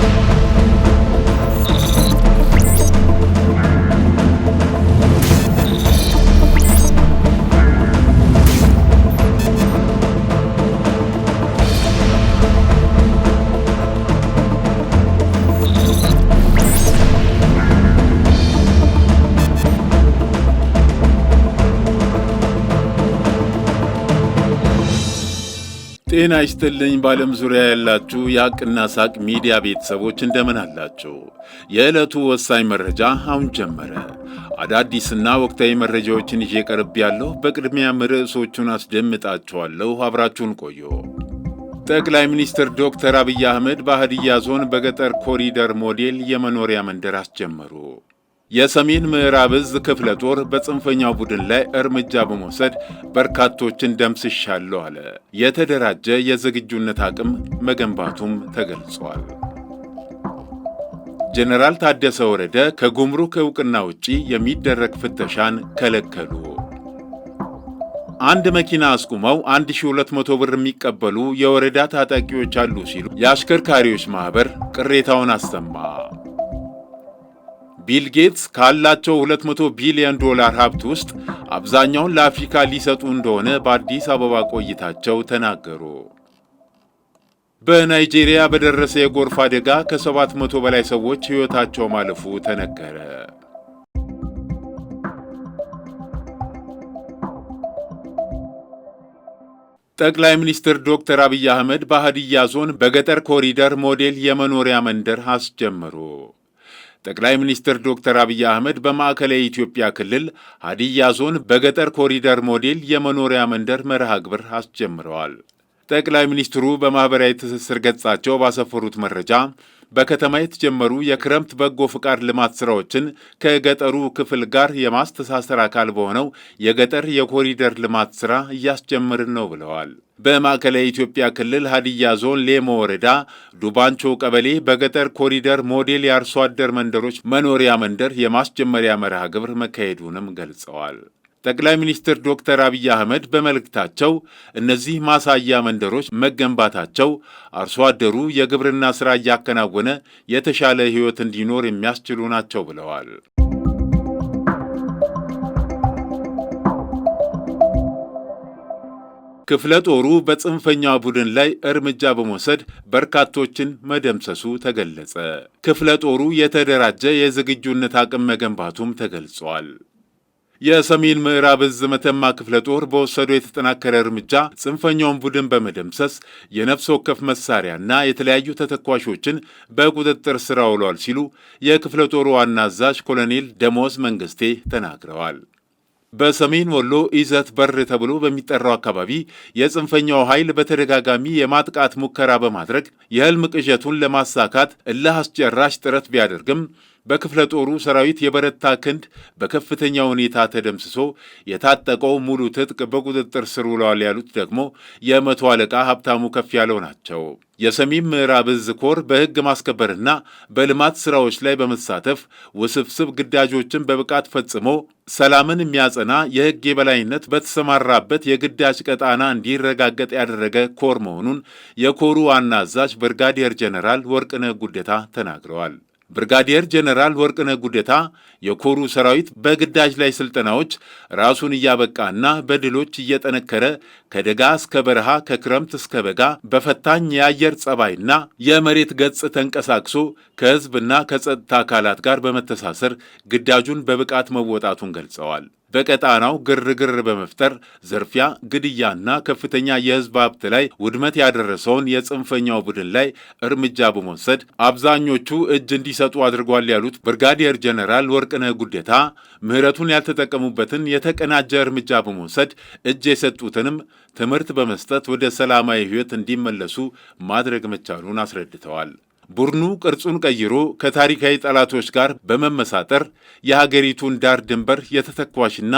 Thank you. ጤና ይስጥልኝ በዓለም ዙሪያ ያላችሁ የአቅና ሳቅ ሚዲያ ቤተሰቦች እንደምን አላችሁ? የዕለቱ ወሳኝ መረጃ አሁን ጀመረ። አዳዲስና ወቅታዊ መረጃዎችን ይዤ ቀርብ ያለሁ። በቅድሚያም ርዕሶቹን አስደምጣችኋለሁ። አብራችሁን ቆዩ። ጠቅላይ ሚኒስትር ዶክተር አብይ አህመድ በሀዲያ ዞን በገጠር ኮሪደር ሞዴል የመኖሪያ መንደር አስጀመሩ። የሰሜን ምዕራብ እዝ ክፍለ ጦር በጽንፈኛው ቡድን ላይ እርምጃ በመውሰድ በርካቶችን ደምስሻለሁ አለ። የተደራጀ የዝግጁነት አቅም መገንባቱም ተገልጿል። ጀነራል ታደሰ ወረደ ከጉምሩክ ዕውቅና ውጪ የሚደረግ ፍተሻን ከለከሉ። አንድ መኪና አስቁመው 1200 ብር የሚቀበሉ የወረዳ ታጣቂዎች አሉ ሲሉ የአሽከርካሪዎች ማኅበር ቅሬታውን አሰማ። ቢል ጌትስ ካላቸው 200 ቢሊዮን ዶላር ሀብት ውስጥ አብዛኛውን ለአፍሪካ ሊሰጡ እንደሆነ በአዲስ አበባ ቆይታቸው ተናገሩ። በናይጄሪያ በደረሰ የጎርፍ አደጋ ከ700 በላይ ሰዎች ሕይወታቸው ማለፉ ተነገረ። ጠቅላይ ሚኒስትር ዶክተር አብይ አህመድ በሀዲያ ዞን በገጠር ኮሪደር ሞዴል የመኖሪያ መንደር አስጀመሩ። ጠቅላይ ሚኒስትር ዶክተር አብይ አህመድ በማዕከላዊ ኢትዮጵያ ክልል ሀዲያ ዞን በገጠር ኮሪደር ሞዴል የመኖሪያ መንደር መርሃ ግብር አስጀምረዋል። ጠቅላይ ሚኒስትሩ በማኅበራዊ ትስስር ገጻቸው ባሰፈሩት መረጃ በከተማ የተጀመሩ የክረምት በጎ ፍቃድ ልማት ስራዎችን ከገጠሩ ክፍል ጋር የማስተሳሰር አካል በሆነው የገጠር የኮሪደር ልማት ስራ እያስጀመርን ነው ብለዋል። በማዕከላዊ ኢትዮጵያ ክልል ሀዲያ ዞን ሌሞ ወረዳ ዱባንቾ ቀበሌ በገጠር ኮሪደር ሞዴል የአርሶ አደር መንደሮች መኖሪያ መንደር የማስጀመሪያ መርሃ ግብር መካሄዱንም ገልጸዋል። ጠቅላይ ሚኒስትር ዶክተር አብይ አህመድ በመልእክታቸው እነዚህ ማሳያ መንደሮች መገንባታቸው አርሶ አደሩ የግብርና ሥራ እያከናወነ የተሻለ ሕይወት እንዲኖር የሚያስችሉ ናቸው ብለዋል። ክፍለ ጦሩ በጽንፈኛ ቡድን ላይ እርምጃ በመውሰድ በርካቶችን መደምሰሱ ተገለጸ። ክፍለ ጦሩ የተደራጀ የዝግጁነት አቅም መገንባቱም ተገልጿል። የሰሜን ምዕራብ እዝ መተማ ክፍለ ጦር በወሰደው የተጠናከረ እርምጃ ጽንፈኛውን ቡድን በመደምሰስ የነፍስ ወከፍ መሳሪያና የተለያዩ ተተኳሾችን በቁጥጥር ስር አውሏል ሲሉ የክፍለ ጦሩ ዋና አዛዥ ኮሎኔል ደሞዝ መንግስቴ ተናግረዋል። በሰሜን ወሎ ኢዘት በር ተብሎ በሚጠራው አካባቢ የጽንፈኛው ኃይል በተደጋጋሚ የማጥቃት ሙከራ በማድረግ የህልም ቅዠቱን ለማሳካት እልህ አስጨራሽ ጥረት ቢያደርግም በክፍለ ጦሩ ሰራዊት የበረታ ክንድ በከፍተኛ ሁኔታ ተደምስሶ የታጠቀው ሙሉ ትጥቅ በቁጥጥር ስር ውለዋል ያሉት ደግሞ የመቶ አለቃ ሀብታሙ ከፍ ያለው ናቸው። የሰሜን ምዕራብ እዝ ኮር በሕግ ማስከበርና በልማት ስራዎች ላይ በመሳተፍ ውስብስብ ግዳጆችን በብቃት ፈጽሞ ሰላምን የሚያጸና የሕግ የበላይነት በተሰማራበት የግዳጅ ቀጣና እንዲረጋገጥ ያደረገ ኮር መሆኑን የኮሩ ዋና አዛዥ ብርጋዲየር ጀነራል ወርቅነህ ጉደታ ተናግረዋል። ብርጋዴር ጀነራል ወርቅነህ ጉደታ የኮሩ ሰራዊት በግዳጅ ላይ ስልጠናዎች ራሱን እያበቃና በድሎች እየጠነከረ ከደጋ እስከ በረሃ ከክረምት እስከ በጋ በፈታኝ የአየር ጸባይና የመሬት ገጽ ተንቀሳቅሶ ከህዝብና ከጸጥታ አካላት ጋር በመተሳሰር ግዳጁን በብቃት መወጣቱን ገልጸዋል። በቀጣናው ግርግር በመፍጠር ዝርፊያ፣ ግድያና ከፍተኛ የህዝብ ሀብት ላይ ውድመት ያደረሰውን የጽንፈኛው ቡድን ላይ እርምጃ በመውሰድ አብዛኞቹ እጅ እንዲሰጡ አድርጓል ያሉት ብርጋዲየር ጀነራል ወርቅነህ ጉዴታ ምህረቱን ያልተጠቀሙበትን የተቀናጀ እርምጃ በመውሰድ እጅ የሰጡትንም ትምህርት በመስጠት ወደ ሰላማዊ ህይወት እንዲመለሱ ማድረግ መቻሉን አስረድተዋል። ቡድኑ ቅርጹን ቀይሮ ከታሪካዊ ጠላቶች ጋር በመመሳጠር የሀገሪቱን ዳር ድንበር የተተኳሽና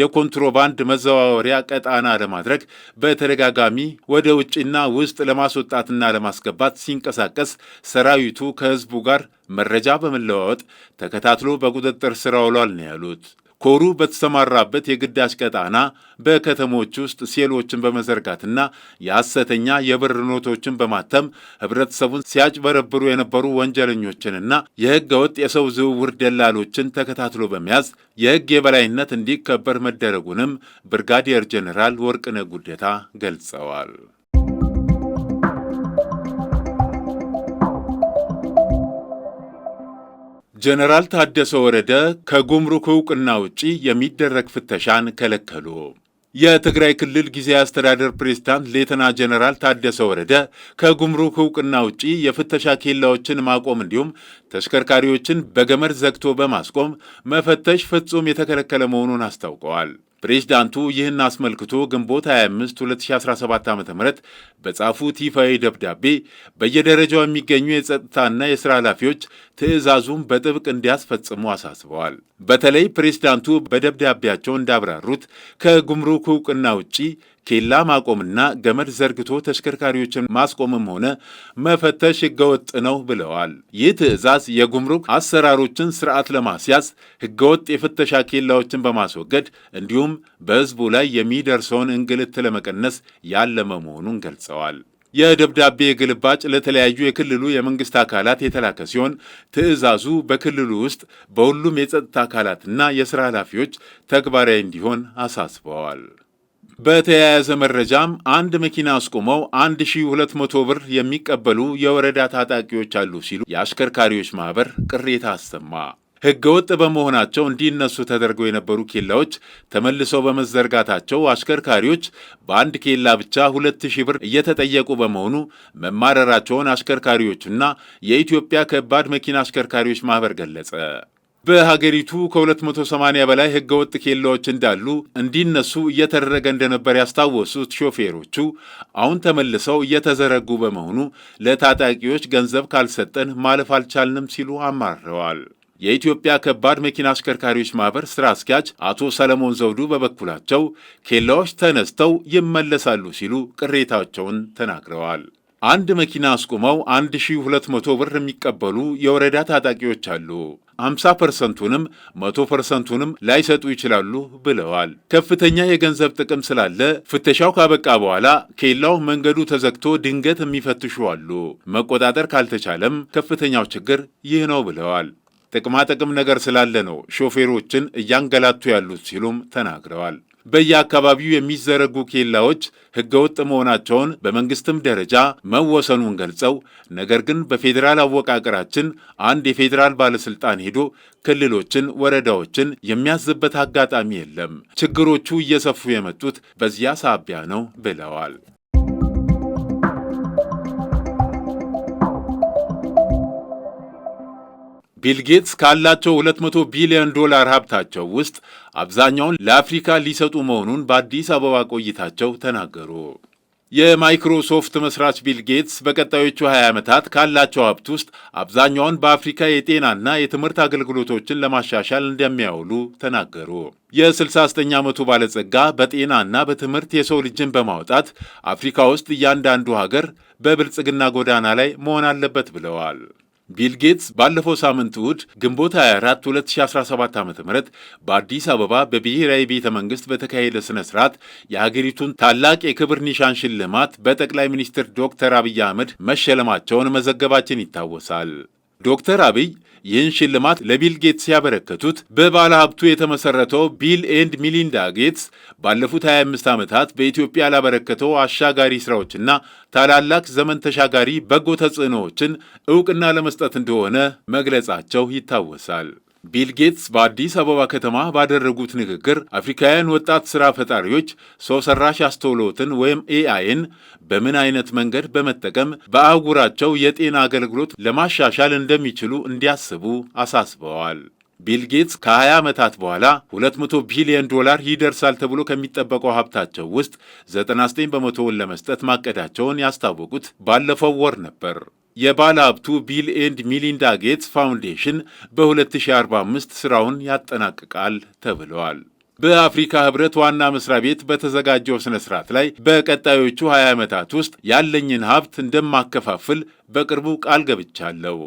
የኮንትሮባንድ መዘዋወሪያ ቀጣና ለማድረግ በተደጋጋሚ ወደ ውጭና ውስጥ ለማስወጣትና ለማስገባት ሲንቀሳቀስ ሰራዊቱ ከህዝቡ ጋር መረጃ በመለዋወጥ ተከታትሎ በቁጥጥር ስር አውሏል ነው ያሉት። ኮሩ በተሰማራበት የግዳጅ ቀጣና በከተሞች ውስጥ ሴሎችን በመዘርጋትና የሐሰተኛ የብር ኖቶችን በማተም ህብረተሰቡን ሲያጭበረብሩ የነበሩ ወንጀለኞችንና የህገ ወጥ የሰው ዝውውር ደላሎችን ተከታትሎ በመያዝ የህግ የበላይነት እንዲከበር መደረጉንም ብርጋዲየር ጀኔራል ወርቅነህ ጉደታ ገልጸዋል። ጀነራል ታደሰ ወረደ ከጉምሩክ እውቅና ውጪ የሚደረግ ፍተሻን ከለከሉ። የትግራይ ክልል ጊዜያዊ አስተዳደር ፕሬዝዳንት ሌተና ጀነራል ታደሰ ወረደ ከጉምሩክ እውቅና ውጪ የፍተሻ ኬላዎችን ማቆም እንዲሁም ተሽከርካሪዎችን በገመድ ዘግቶ በማስቆም መፈተሽ ፍጹም የተከለከለ መሆኑን አስታውቀዋል። ፕሬዚዳንቱ ይህን አስመልክቶ ግንቦት 25 2017 ዓ ም በጻፉት ይፋዊ ደብዳቤ በየደረጃው የሚገኙ የጸጥታና የሥራ ኃላፊዎች ትዕዛዙን በጥብቅ እንዲያስፈጽሙ አሳስበዋል። በተለይ ፕሬዝዳንቱ በደብዳቤያቸው እንዳብራሩት ከጉምሩክ ውቅና ውጪ ኬላ ማቆምና ገመድ ዘርግቶ ተሽከርካሪዎችን ማስቆምም ሆነ መፈተሽ ህገወጥ ነው ብለዋል። ይህ ትዕዛዝ የጉምሩክ አሰራሮችን ስርዓት ለማስያዝ ህገወጥ የፍተሻ ኬላዎችን በማስወገድ እንዲሁም በህዝቡ ላይ የሚደርሰውን እንግልት ለመቀነስ ያለመ መሆኑን ገልጸዋል። የደብዳቤ ግልባጭ ለተለያዩ የክልሉ የመንግስት አካላት የተላከ ሲሆን ትዕዛዙ በክልሉ ውስጥ በሁሉም የጸጥታ አካላትና የሥራ ኃላፊዎች ተግባራዊ እንዲሆን አሳስበዋል። በተያያዘ መረጃም አንድ መኪና አስቁመው 1200 ብር የሚቀበሉ የወረዳ ታጣቂዎች አሉ ሲሉ የአሽከርካሪዎች ማኅበር ቅሬታ አሰማ። ህገወጥ በመሆናቸው እንዲነሱ ተደርገው የነበሩ ኬላዎች ተመልሰው በመዘርጋታቸው አሽከርካሪዎች በአንድ ኬላ ብቻ ሁለት ሺህ ብር እየተጠየቁ በመሆኑ መማረራቸውን አሽከርካሪዎቹና የኢትዮጵያ ከባድ መኪና አሽከርካሪዎች ማህበር ገለጸ። በሀገሪቱ ከ280 በላይ ህገወጥ ኬላዎች እንዳሉ እንዲነሱ እየተደረገ እንደነበር ያስታወሱት ሾፌሮቹ አሁን ተመልሰው እየተዘረጉ በመሆኑ ለታጣቂዎች ገንዘብ ካልሰጠን ማለፍ አልቻልንም ሲሉ አማረዋል። የኢትዮጵያ ከባድ መኪና አሽከርካሪዎች ማህበር ስራ አስኪያጅ አቶ ሰለሞን ዘውዱ በበኩላቸው ኬላዎች ተነስተው ይመለሳሉ ሲሉ ቅሬታቸውን ተናግረዋል። አንድ መኪና አስቁመው 1200 ብር የሚቀበሉ የወረዳ ታጣቂዎች አሉ። 50 ፐርሰንቱንም 100 ፐርሰንቱንም ላይሰጡ ይችላሉ ብለዋል። ከፍተኛ የገንዘብ ጥቅም ስላለ ፍተሻው ካበቃ በኋላ ኬላው መንገዱ ተዘግቶ ድንገት የሚፈትሹ አሉ። መቆጣጠር ካልተቻለም ከፍተኛው ችግር ይህ ነው ብለዋል። ጥቅማጥቅም ነገር ስላለ ነው ሾፌሮችን እያንገላቱ ያሉት ሲሉም ተናግረዋል። በየአካባቢው የሚዘረጉ ኬላዎች ህገወጥ መሆናቸውን በመንግስትም ደረጃ መወሰኑን ገልጸው ነገር ግን በፌዴራል አወቃቀራችን አንድ የፌዴራል ባለስልጣን ሄዶ ክልሎችን፣ ወረዳዎችን የሚያዝበት አጋጣሚ የለም። ችግሮቹ እየሰፉ የመጡት በዚያ ሳቢያ ነው ብለዋል። ቢል ጌትስ ካላቸው 200 ቢሊዮን ዶላር ሀብታቸው ውስጥ አብዛኛውን ለአፍሪካ ሊሰጡ መሆኑን በአዲስ አበባ ቆይታቸው ተናገሩ። የማይክሮሶፍት መስራች ቢል ጌትስ በቀጣዮቹ 20 ዓመታት ካላቸው ሀብት ውስጥ አብዛኛውን በአፍሪካ የጤናና የትምህርት አገልግሎቶችን ለማሻሻል እንደሚያውሉ ተናገሩ። የ69 ዓመቱ ባለጸጋ በጤናና በትምህርት የሰው ልጅን በማውጣት አፍሪካ ውስጥ እያንዳንዱ ሀገር በብልጽግና ጎዳና ላይ መሆን አለበት ብለዋል። ቢል ጌትስ ባለፈው ሳምንት እሁድ ግንቦት 24 2017 ዓ ም በአዲስ አበባ በብሔራዊ ቤተ መንግሥት በተካሄደ ሥነ ሥርዓት የሀገሪቱን ታላቅ የክብር ኒሻን ሽልማት በጠቅላይ ሚኒስትር ዶክተር አብይ አህመድ መሸለማቸውን መዘገባችን ይታወሳል። ዶክተር አብይ ይህን ሽልማት ለቢል ጌትስ ያበረከቱት በባለ ሀብቱ የተመሠረተው ቢል ኤንድ ሚሊንዳ ጌትስ ባለፉት 25 ዓመታት በኢትዮጵያ ላበረከተው አሻጋሪ ሥራዎችና ታላላቅ ዘመን ተሻጋሪ በጎ ተጽዕኖዎችን ዕውቅና ለመስጠት እንደሆነ መግለጻቸው ይታወሳል። ቢል ጌትስ በአዲስ አበባ ከተማ ባደረጉት ንግግር አፍሪካውያን ወጣት ሥራ ፈጣሪዎች ሰው ሰራሽ አስተውሎትን ወይም ኤአይን በምን አይነት መንገድ በመጠቀም በአህጉራቸው የጤና አገልግሎት ለማሻሻል እንደሚችሉ እንዲያስቡ አሳስበዋል። ቢል ጌትስ ከ20 ዓመታት በኋላ 200 ቢሊዮን ዶላር ይደርሳል ተብሎ ከሚጠበቀው ሀብታቸው ውስጥ 99 በመቶውን ለመስጠት ማቀዳቸውን ያስታወቁት ባለፈው ወር ነበር። የባለ ሀብቱ ቢል ኤንድ ሚሊንዳ ጌትስ ፋውንዴሽን በ2045 ስራውን ያጠናቅቃል ተብለዋል። በአፍሪካ ህብረት ዋና መስሪያ ቤት በተዘጋጀው ስነ ስርዓት ላይ በቀጣዮቹ 20 ዓመታት ውስጥ ያለኝን ሀብት እንደማከፋፍል በቅርቡ ቃል ገብቻለሁ።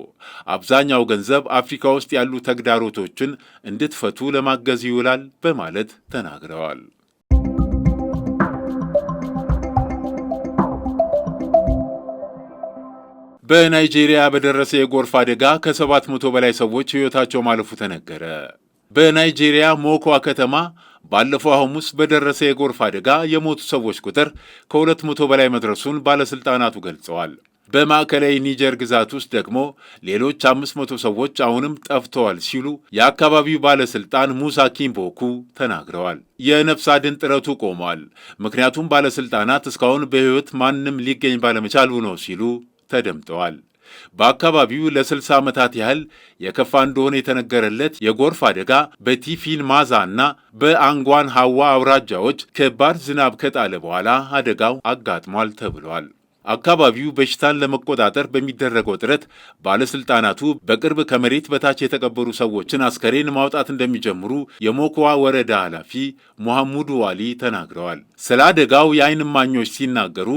አብዛኛው ገንዘብ አፍሪካ ውስጥ ያሉ ተግዳሮቶችን እንድትፈቱ ለማገዝ ይውላል በማለት ተናግረዋል። በናይጄሪያ በደረሰ የጎርፍ አደጋ ከሰባት መቶ በላይ ሰዎች ሕይወታቸው ማለፉ ተነገረ። በናይጄሪያ ሞኳ ከተማ ባለፈው ሐሙስ በደረሰ የጎርፍ አደጋ የሞቱ ሰዎች ቁጥር ከሁለት መቶ በላይ መድረሱን ባለሥልጣናቱ ገልጸዋል። በማዕከላዊ ኒጀር ግዛት ውስጥ ደግሞ ሌሎች አምስት መቶ ሰዎች አሁንም ጠፍተዋል ሲሉ የአካባቢው ባለሥልጣን ሙሳ ኪምቦኩ ተናግረዋል። የነፍስ አድን ጥረቱ ቆሟል፣ ምክንያቱም ባለሥልጣናት እስካሁን በሕይወት ማንም ሊገኝ ባለመቻሉ ነው ሲሉ ተደምጠዋል። በአካባቢው ለ60 ዓመታት ያህል የከፋ እንደሆነ የተነገረለት የጎርፍ አደጋ በቲፊን ማዛ እና በአንጓን ሐዋ አውራጃዎች ከባድ ዝናብ ከጣለ በኋላ አደጋው አጋጥሟል ተብሏል። አካባቢው በሽታን ለመቆጣጠር በሚደረገው ጥረት ባለስልጣናቱ በቅርብ ከመሬት በታች የተቀበሩ ሰዎችን አስከሬን ማውጣት እንደሚጀምሩ የሞኮዋ ወረዳ ኃላፊ ሙሐሙድ ዋሊ ተናግረዋል። ስለ አደጋው የአይን እማኞች ሲናገሩ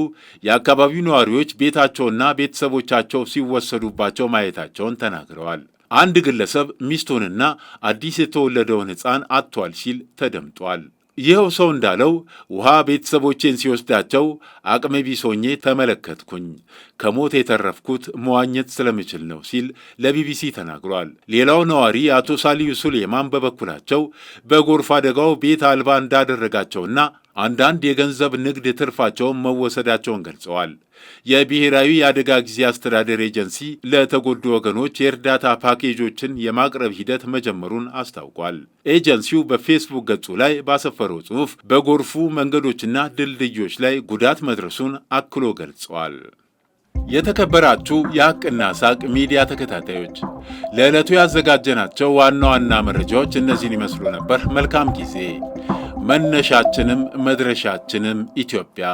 የአካባቢው ነዋሪዎች ቤታቸውና ቤተሰቦቻቸው ሲወሰዱባቸው ማየታቸውን ተናግረዋል። አንድ ግለሰብ ሚስቱንና አዲስ የተወለደውን ሕፃን አጥቷል ሲል ተደምጧል። ይኸው ሰው እንዳለው ውሃ ቤተሰቦቼን ሲወስዳቸው አቅሜ ቢሶኜ ተመለከትኩኝ። ከሞት የተረፍኩት መዋኘት ስለምችል ነው ሲል ለቢቢሲ ተናግሯል። ሌላው ነዋሪ አቶ ሳሊዩ ሱሌማን በበኩላቸው በጎርፍ አደጋው ቤት አልባ እንዳደረጋቸውና አንዳንድ የገንዘብ ንግድ ትርፋቸውን መወሰዳቸውን ገልጸዋል። የብሔራዊ የአደጋ ጊዜ አስተዳደር ኤጀንሲ ለተጎዱ ወገኖች የእርዳታ ፓኬጆችን የማቅረብ ሂደት መጀመሩን አስታውቋል። ኤጀንሲው በፌስቡክ ገጹ ላይ ባሰፈረው ጽሑፍ በጎርፉ መንገዶችና ድልድዮች ላይ ጉዳት መድረሱን አክሎ ገልጸዋል። የተከበራችሁ የሐቅና ሳቅ ሚዲያ ተከታታዮች ለዕለቱ ያዘጋጀናቸው ዋና ዋና መረጃዎች እነዚህን ይመስሉ ነበር። መልካም ጊዜ መነሻችንም መድረሻችንም ኢትዮጵያ